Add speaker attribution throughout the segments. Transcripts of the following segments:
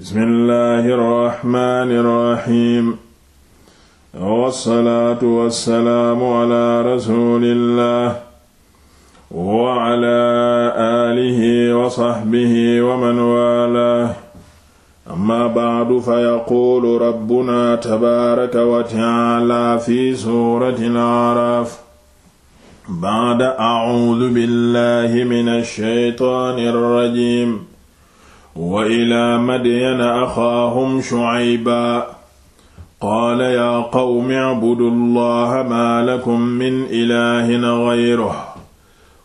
Speaker 1: bismillahi rrahmani rrahim wassalaatu wassalaamu ala rasulillah wa ala alihi wa saxbihi wa man waalaahu amma ba'du fa yaquulu rabbuna tabaaraka wa ta'aala fi suuratil a'raaf ba'da a'uudu billahi mina shaytaani rrajiim wa ilaa madyana axaahum shucayba qaala yaa qawmi acbudu allaha maa lakum min ilahin gayruhu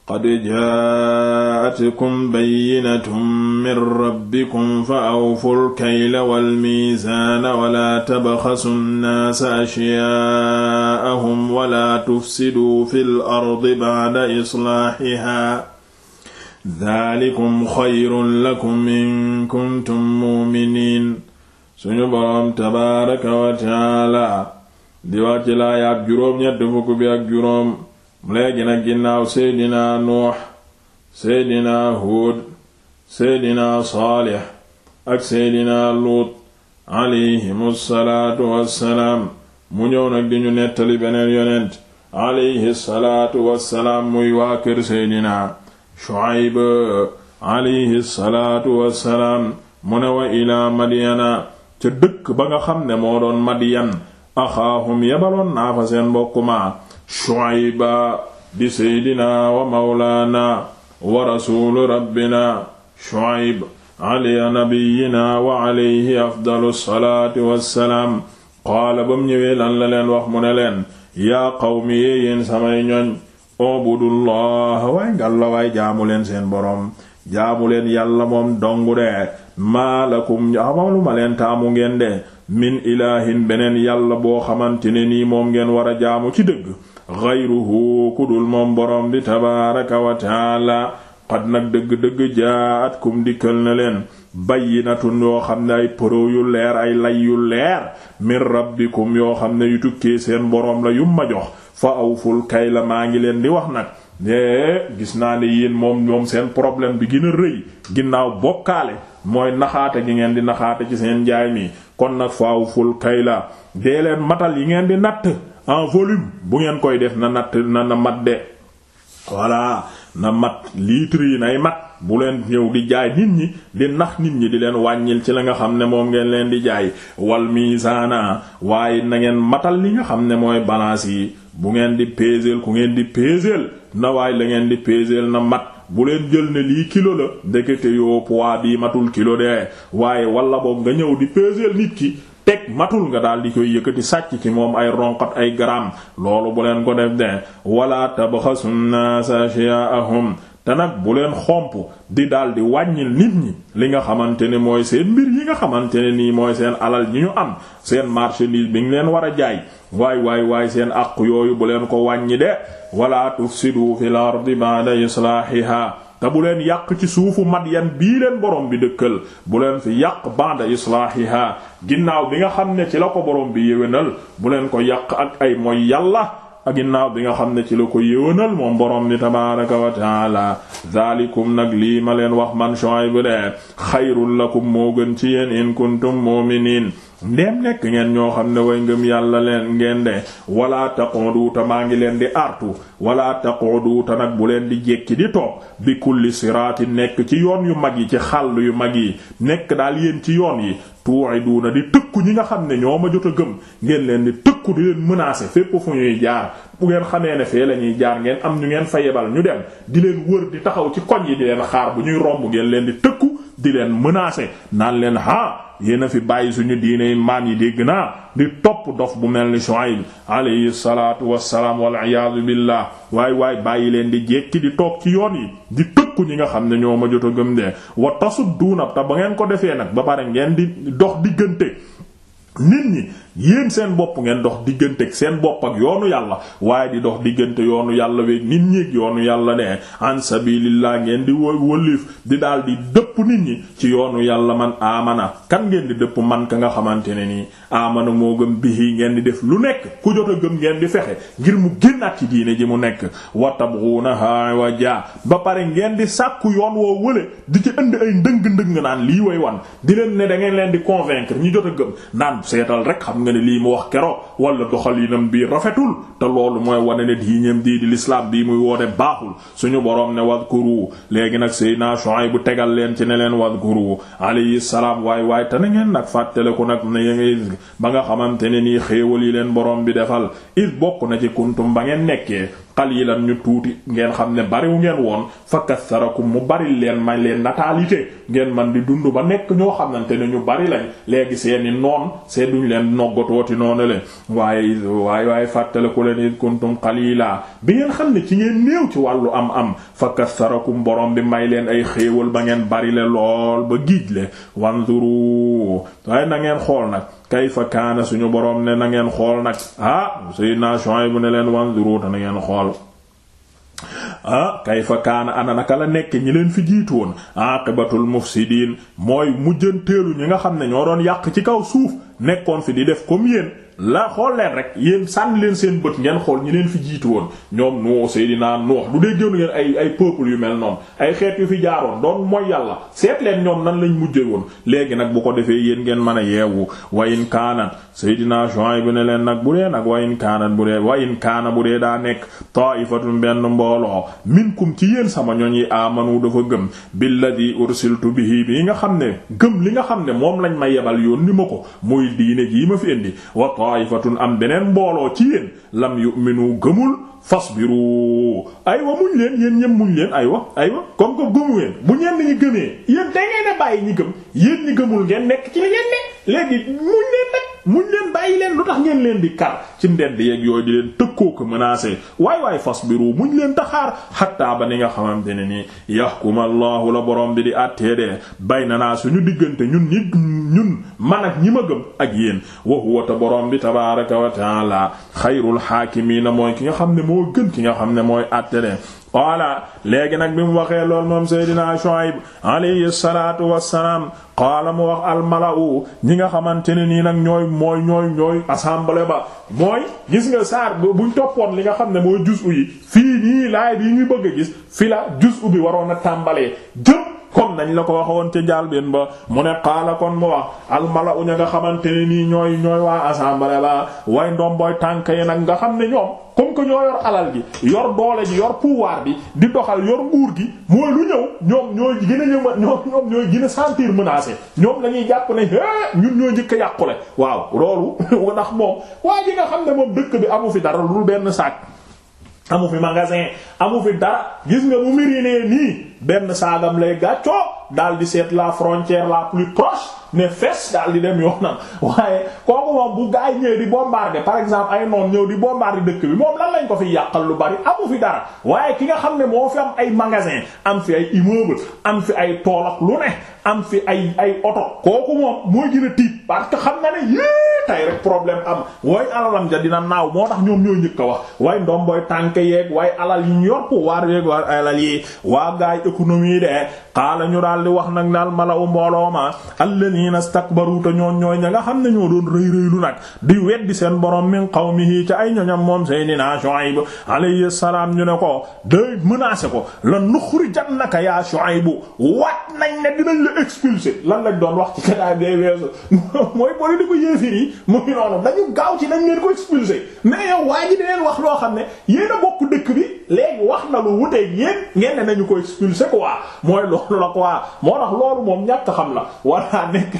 Speaker 1: qad jaa'atkum bayyinatun min rabbikum fa awfu lkayla walmiisaana walaa tabxasu nnaasa ashyaa'ahum walaa tufsiduu fi l ardi bacda islaaxihaa daalikum xayrun lakum in suñu boroom tabaaraka wa di wax ci laay ñett fukk bi ak juróom léegi nag ginnaaw seydinaa nuux seydinaa huud seydinaa saalix ak seydinaa luut alayhimu salaatu wassalaam mu ñëw nag ñu nettali beneen yonent alayhi salaatu muy waa seydinaa Shuayb alayhi salaatu wassalaam mu ne wa ilaa madyana ca dëkk ba nga xam ne moo doon madyan axaahum yabaloon naa fa seen mbokk ma Shuayba di seydina wa mawlaana wa rasuulu rabbina Shuayb ala nabiyina wa alayhi afdalu salaati wassalaam qaala ba mu ñëwee lan la leen wax mu ne leen yaa qawmi yéen samay ñoñ ubudullah waay ngàlla jaamu leen seen boroom jaamu leen yàlla moom dongu de maalakum xamalu ma leen taamu ngeen de min ilaahin beneen yàlla boo xamante ne nii moom ngeen war a jaamu ci dëgg xayruhu ku dul moom boroom bi tabaaraka wa taala xad nag dëgg-dëgg jaatkum dikkal na leen bayyinatun yoo xam ne ay pro yu leer ay lay yu leer min rabbikum yoo xam ne yu tukkee seen boroom la yu ma jox fa awful kay la maa ngi leen di wax nag é gis naa ne yéen moom moom seen problème bi gën a rëy ginnaaw bokkaale mooy naxaata gi ngeen di naxaata ci seen njaay mi kon nag fa awful kay la dee leen matal yi ngeen di natt en volume bu ngeen koy def na natt na na mat de voilà na mat litre yi nay mat bu leen yow di jaay nit ñi di nax nit ñi di leen wàññil ci la nga xam ne moom ngeen leen di jaay wal miisaana waaye na ngeen matal li nga xam ne mooy balance yi bu ngeen di peeseel ku ngeen di peeseel na waay la ngeen di peeseel na mat bu leen jël ne lii kilo la ndekete yoo poids bii matul kilo de waaye wala boog nga ñëw di peeseel nit ki teg matul nga daal di koy yëkkati sàcc ci moom ay ronqat ay garam loolu bu leen ko def de wala tabxasu nnaasa ashya'ahum te nag bu leen xomp di daal di wàññil nit ñi li nga xamante ne mooy seen mbir yi nga xamante ne nii mooy seen alal yi ñu am seen marchandise bi ngi leen war a jaay waay waay waay seen àq yooyu bu leen ko wàññi de wala tufsidu fil ardi ba'da islahiha te bu leen yàq ci suufu Madyan bii leen borom bi dëkkal bu leen fi yàq ba'da islahiha ginnaaw bi nga xam ne ci la ko borom bi yéwénal bu leen ko yàq ak ay mooy yàlla ak ginnaaw bi nga xam ne ci la ko yéwénal moom borom ni tabaraka wa taala zalikum nag lii ma leen wax man Shuayb bu dee xayrul lakum moo gën ci yéen in kuntum mu'minin ndeem nekk ngeen ñoo xam ne way ngëm yàlla leen ngeen de walaa taqudu ta maa ngi leen di artu walaa taqudu ta nag bu leen di jekki di toog bi kulli siraati nekk ci yoon yu mag yi ci xàll yu mag yi nekk daal yéen ci yoon yi tu'iduna di tëkku ñi nga xam ne ñoo ma jot a gëm ngeen leen di tëkku di leen menacer fépp fu ñuy jaar bu ngeen xamee ne fee la ñuy jaar ngeen am ñu ngeen fa yebal ñu dem di leen wër di taxaw ci koñ yi di leen xaar bu ñuy romb ngeen leen di tëkku di leen menacer naan leen ha yéen a fi bàyyi suñu diine maam yi dégg naa di topp dof bu mel ni Shuayb alayhi salaatu wassalaam wal iyaadu billah waay waay bàyyi leen di jekki di toog ci yoon yi di tëkku ñi nga xam ne ñoo ma jot a gëm de wa tasudduuna te ba ngeen ko defee nag ba pare ngeen di dox diggante nit ñi yéen seen bopp ngeen dox diggante ak seen bopp ak yoonu yàlla waaye di dox diggante yoonu yàlla weeg nit ñéeg yoonu yàlla ne an sabilillah ngeen di wëlif di daal di dëpp nit ñi ci yoonu yàlla man amana kan ngeen di dëpp man ka nga xamante ne nii amana moo gëm bihi ngeen di def lu nekk ku jot a gëm ngeen di fexe ngir mu génnaat ci diine ji mu nekk watabghunaha waja ba pare ngeen di sàkku yoon woo wële di ci indi ay ndëng-ndëng naan lii way wan di leen ne da ngeen leen di convaincre ñu jot a xam nga ne lii mu wax kero wala doxalinam bii rafetul te loolu mooy wane ne diineem dii di lislaam bii muy woone baaxul suñu boroom ne wadkuru léegi nag Seydina yi bu tegal leen ci ne leen wadkuru alayhi salaam waay waay te na ngeen nag ku nag na ngeen ba nga xamante ne nii xéewal yi leen boroom bi defal is bokk na ci kuntum ba ngeen nekkee qalilan ñu tuuti ngeen xam ne bariwu ngeen woon fakkat kasarakum mu bari leen may leen natalité ngeen man di dund ba nekk ñoo xamante ne ñu bari lañ léegi seeni noon see duñ leen noggatooti noonu le waaye waaye waaye fàttaliku leen it kuntum qalila bi ngeen xam ne ci ngeen néew ci wàllu am am fa kasarakum borom bi may leen ay xéewal ba ngeen bari le lool ba giij le wanzuru waaye na ngeen xool nag kayfa kaana suñu boroom ne na ngeen xool nag ah sayyidina Shuayb ne leen wanzuru ta na ngeen xool ah kayfa kaana ana naka la nekk ñi leen fi jiitu woon aqibatul mufsidiin mooy mujjanteelu ñi nga xam ne ñoo doon yàq ci kaw suuf nekkoon fi di def comme yéen la xool leen rek yéen sànni leen seen bët ngeen xool ñi leen fi jiitu woon ñoom noo Seydina Nuux du dee gënu ngeen ay ay peuple yu mel noonu ay xeet yu fi jaaroon doon mooy yàlla seetleen ñoom nan lañ mujjee woon léegi nag bu ko defee yéen ngeen mën a yeewu wayin kaanat Seydina bu ne leen nag bu dee nag wayin kaanat bu dee wayin kaana bu dee daa nekk ta'ifatun benn mbooloo minkum ci yéen sama ñoñ yi amanu dafa gëm billadi ursiltu bihi bi nga xam ne gëm li nga xam ne moom lañ ma yebal yoon ko muy taifatun am beneen mbooloo ci yéen lam yu'minu gëmul fasbiru aywa muñ leen yen ñëm muñ leen aywa aywa comme que gëmu ngeen bu ñenn ñi gëmee yéen da a bàyyi ñi gëm yéen ñi gëmul ngeen nekk ci li ngeen ne léegi muñ leen nag muñ leen bàyyi leen lu tax ngeen leen di kar ci ndend yeeg yooyu di leen tëkkoo ko menacé waay waay fasbiru muñ leen taxaar xattaa ba ni nga xamante ne nii yahkuma allahu la borom bi di àttee de na naa suñu diggante ñun ñi ñun man ak ñi ma gëm ak yéen wa huwa ta borom bi tabaraka wa taala xayrul haakimiina mooy ki nga xam ne moo gën ki nga xam ne mooy àtte de qaala léegi nag bi mu waxee lool moom Seydina Shuayb alayhi salaatu wassalaam qaala mu wax almala'u ñi nga xamante ne nii nag ñooy mooy ñooy ñooy assemblée ba mooy gis nga saar buñ toppoon li nga xam ne mooy jus yi fii nii laay bi ñuy bëgg a gis fi la jus bi waroon a tàmbalee jëpp moom nañ la ko waxoon ca njàlbéen ba mu ne qaala kon mu wax almala uña nga xamante ne nii ñooy ñooy waa assemblée ba way ndomboy tànk yi nag nga xam ne ñoom comme que ñoo yor alal gi yor doole ji yor pouvoir bi di doxal yor nguur gi mooy lu ñëw ñoom ñooy gën a ñëw ñoom ñooy gën a sentir menacé ñoom lañuy jàpp ne é ñun ñoo njëkk a yàqule waaw loolu ndax moom waa ji nga xam ne moom dëkk bi amu fi dara lu benn sac amu fi magasin amu fi dara gis nga bu mbir nii benn saagam lay gàccoo daal di seet la frontière la plus proche ne fes daal di dem yoonam waaye kooku moom bu gaay ñëwee di bombarder par exemple ay noon ñëw di bombarder dëkk bi moom lan lañ ko fi yàqal lu bari amu fi dara waaye ki nga xam ne moo fi am ay magasin am fi ay immeuble am fi ay tool lu ne am fi ay ay oto kooku moom mooy gën a tiit parce xam nga ne yée tay rek problème am waaye alalam ja dina naaw moo tax ñoom ñoo njëkk a wax waaye ndomboy tànk yeeg waaye alal yi économie de xaala ñu daal di wax nag daal mala u mbooloo ma alladina stakbaru te ñoon ñooy ña nga xam ne ñoo doon rëy rëylu nag di weddi seen borom mi qawmihi ca ay ñoñam moom sayidina Shuayb alayhi salaam ñu ne ko a menacé ko la nuxrijannaka ya Shuayb waat nañ ne dinañ la expulser lan lañ doon wax ci kadaay day weesu mooy boole di ko yéefir yi mu ngi noonu dañu gaaw ci nañ leen ko expulser mais yow waa ji di leen wax loo xam a bokk tricher quoi mooy loolu la quoi moo loolu moom ñàkk xam la walla nekk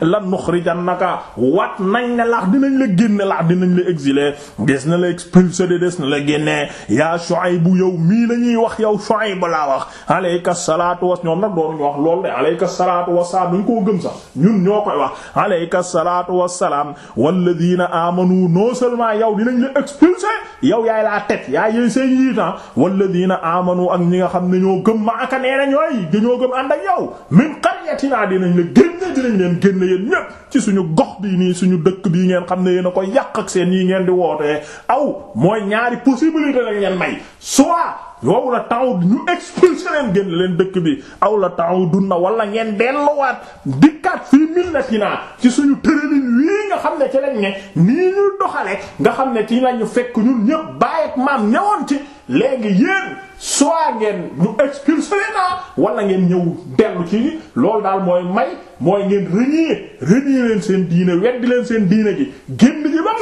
Speaker 1: la nuxrijannaka wat nañ laax dinañ la génne laax dinañ la exiler des na la expulser de des na la génne yaa Shuayb bu yow mii la ñuy wax yow Shuayb ba laa wax alayka salaatu was ñoom nag doon ñu wax loolu de alayka salaatu wassalaam duñ koo gëm sax ñun ñoo koy wax alayka salaatu wassalaam walladina amanu non seulement yow dinañ la expulser yow yaay laa teg yaay yéy seen yiitan ah walladina amanu ak xam ne dañoo gëm ma aka nee nañ way dañoo gëm ànd ak yow min qaryatina dinañ la génne dinañ leen génne yéen ñépp ci suñu gox bii nii suñu dëkk bii ngeen xam ne yéen a ko yàq ak seen yi ngeen di wootee aw mooy ñaari possibilité lañ leen may soit yow la taw ñu expulsé leen génn leen dëkk bi aw la taw na wala ngeen delluwaat dikkaat fii millatina ci suñu tëralin wii nga xam ne ci lañ ne nii ñu doxale nga xam ne ci lañu fekk ñun ñëpp bàyyi ak maam ñëwoon ci léegi yéen soit ngeen ñu expulsé na walla ngeen ñëw dellu ci loolu daal mooy may mooy ngeen renier renier leen seen diine weddi leen seen diine gi génn ji ba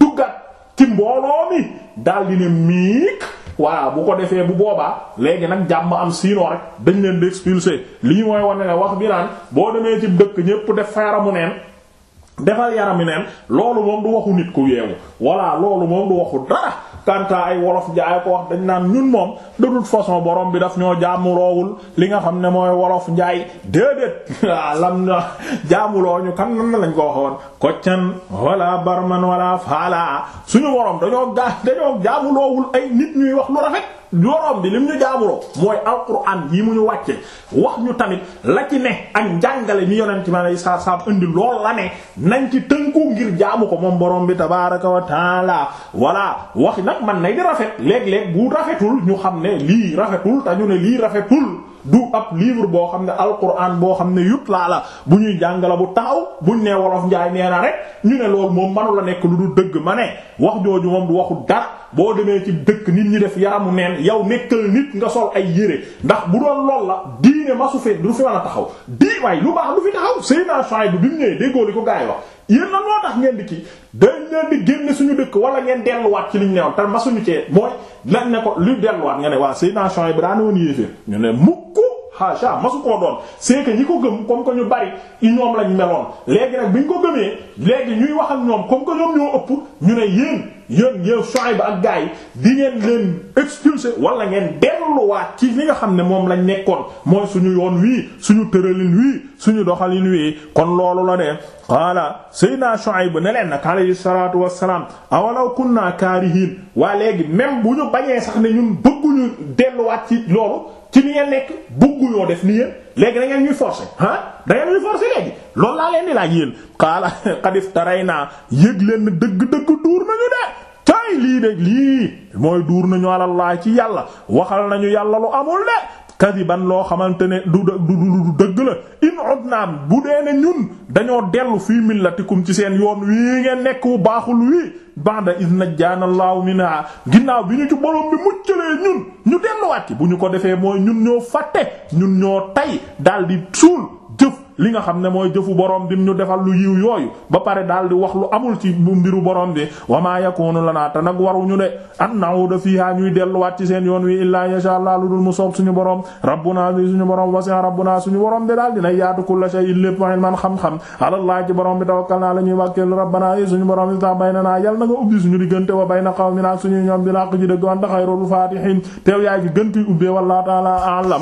Speaker 1: duggat ci mbooloo mi daal ne miik voilà bu ko defee bu boobaa léegi nag jàmm am siinoo rek dañ leen di expulsé lii mooy wane ne wax bi naan boo demee ci dëkk ñépp def faaramu neen defal yarami neen loolu moom du waxu nit ku yeewu voilà loolu moom du waxu dara. kanta ay wolof njaay ko wax dañ naan ñun moom de toute façon borom bi daf ñoo jaamuloowul li nga xam ne mooy wolof njaay déedéet waa lam na jaamuloo ñu kan nan lañ ko woon koccan wala barman wala faala suñu borom dañoo gaa dañoo jaamuloowul ay nit ñuy wax lu rafet yorom bi lim ñu jaamuloo mooy alquran yi mu ñu wàcce wax ñu tamit la ci ne ak njàngale mi ci ma lay saa saam indi lool la ne nañ ci tënku ngir jaamu ko moom borom bi tabaaraka wa taala voilà wax nag man nay di rafet léeg-léeg bu rafetul ñu xam ne lii rafetul te ñu ne lii rafetul. du ab livre boo xam ne alquran boo xam ne yut laa la bu ñuy jàngala bu taxaw buñ nee wolof njaay nee rek ñu ne loolu moom manu la nekk lu du dëgg ma ne wax jooju moom du waxu dara boo demee ci dëkk nit ñi def yaramu neen yow nekkal nit nga sol ay yére ndax bu doon lool la diine masu fe du fi mën a taxaw di waay lu baax du fi taxaw Seydina Shuayb bi bi mu ñëwee déggoo li ko gaay wax yéen lan moo tax ngeen di kii dañ leen di génne suñu dëkk wala ngeen delluwaat ci liñ newoon te masuñu cee mooy lañ ne ko lu delluwaat nga ne waa Seydina yi bi daane woon yéeféer ñu ne mukk haasha masu ko doon c'est que ñi ko gëm comme que ñu bari i ñoom lañ meloon léegi nag bi ñu ko gëmee léegi ñuy wax ak ñoom comme que ñoom ñoo ëpp ñu ne yéen yéen ñëw Shuayb ba ak gaa yi di ngeen leen expulser wala ngeen delluwaat ci li nga xam ne moom lañ nekkoon mooy suñu yoon wii suñu tëralin wii suñu doxalin wii kon loolu la de qaala Seydina Shuayb ne leen nag alayhi salaatu wassalaam awalaw kunna kaarihiin waa léegi même bu ñu bañee sax ne ñun bëgguñu delluwaat ci loolu ci ni ngeen nekk bëgguñoo def ni yéen léegi da ngeen ñuy forcer ah da ñuy forcer léegi loolu laa leen di laaj yéen xaala xadif taray naa yëg leen dëgg-dëgg duur nañu de tay lii de lii mooy duur nañu alallah ci yàlla waxal nañu yàlla lu amul de kadiban loo xamante ne du du du dëgg la in udnaam bu dee ne ñun dañoo dellu fii millatikum ci seen yoon wii ngeen nekk wu baaxul wii ba'da iz najjaana Allahu minha ginnaaw bi ñu ci borom bi muccalee ñun ñu delluwaat ci bu ñu ko defee mooy ñun ñoo fàtte ñun ñoo tay daldi suul jëf li nga xam ne mooy jëfu borom bi ñu defal lu yiw yooyu ba pare daal di wax lu amul ci bu mbiru borom bi wa maa yakunu lanaa te nag waruñu de an na'uda fiha ñuy delluwaat ci seen yoon wi illaa yasha Allah lu dul mu soob suñu borom rabbuna bi suñu borom wasi'a rabbuna suñu borom bi daal dina yaatu kullu shay'in lépp man xam-xam alallahi ci borom bi tawakkalna la ñuy wàkkeel rabbana yi suñu borom bi ta baynana yal na nga ubbi suñu diggante wa bayna qawmina suñu gën koy ubbee wallahu ta'ala a'lam